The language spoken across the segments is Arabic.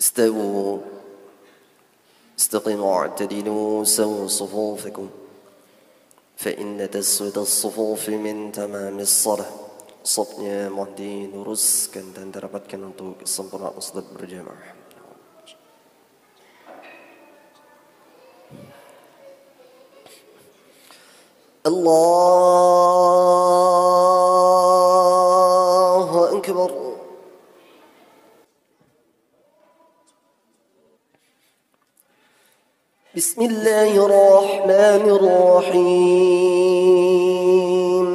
استووا استقيموا اعتدلوا سووا صفوفكم فإن تسود الصفوف من تمام الصلاة صبنا مهدي نرس كان تندربت كان نطوك الصبر أصدب الجماعة الله بسم الله الرحمن الرحيم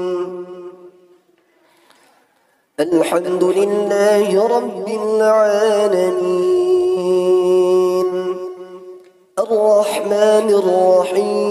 الحمد لله رب العالمين الرحمن الرحيم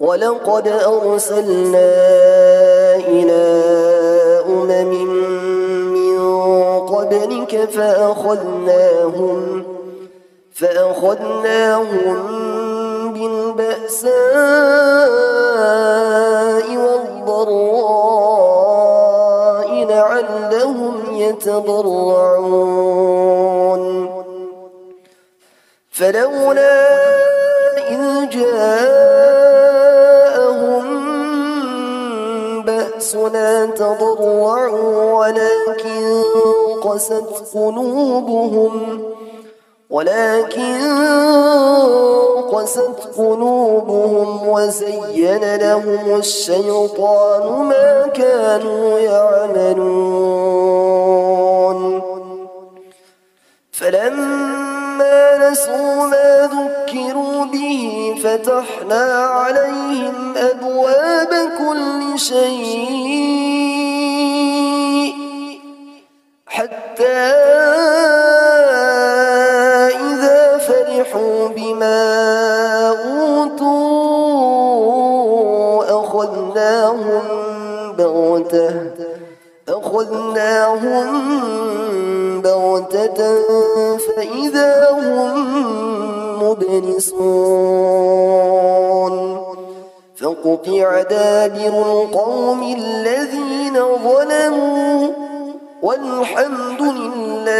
ولقد أرسلنا إلى أمم من قبلك فأخذناهم فأخذناهم بالبأساء والضراء لعلهم يتضرعون فلولا إذ جاءوا رسلنا تضرعوا ولكن قست قلوبهم ولكن قست قلوبهم وزين لهم الشيطان ما كانوا يعملون فلما نسوا ما ذكروا به فتحنا عليهم فأخذناهم بغتة أخذناهم بغتة فإذا هم مبلسون فقطع دابر القوم الذين ظلموا والحمد لله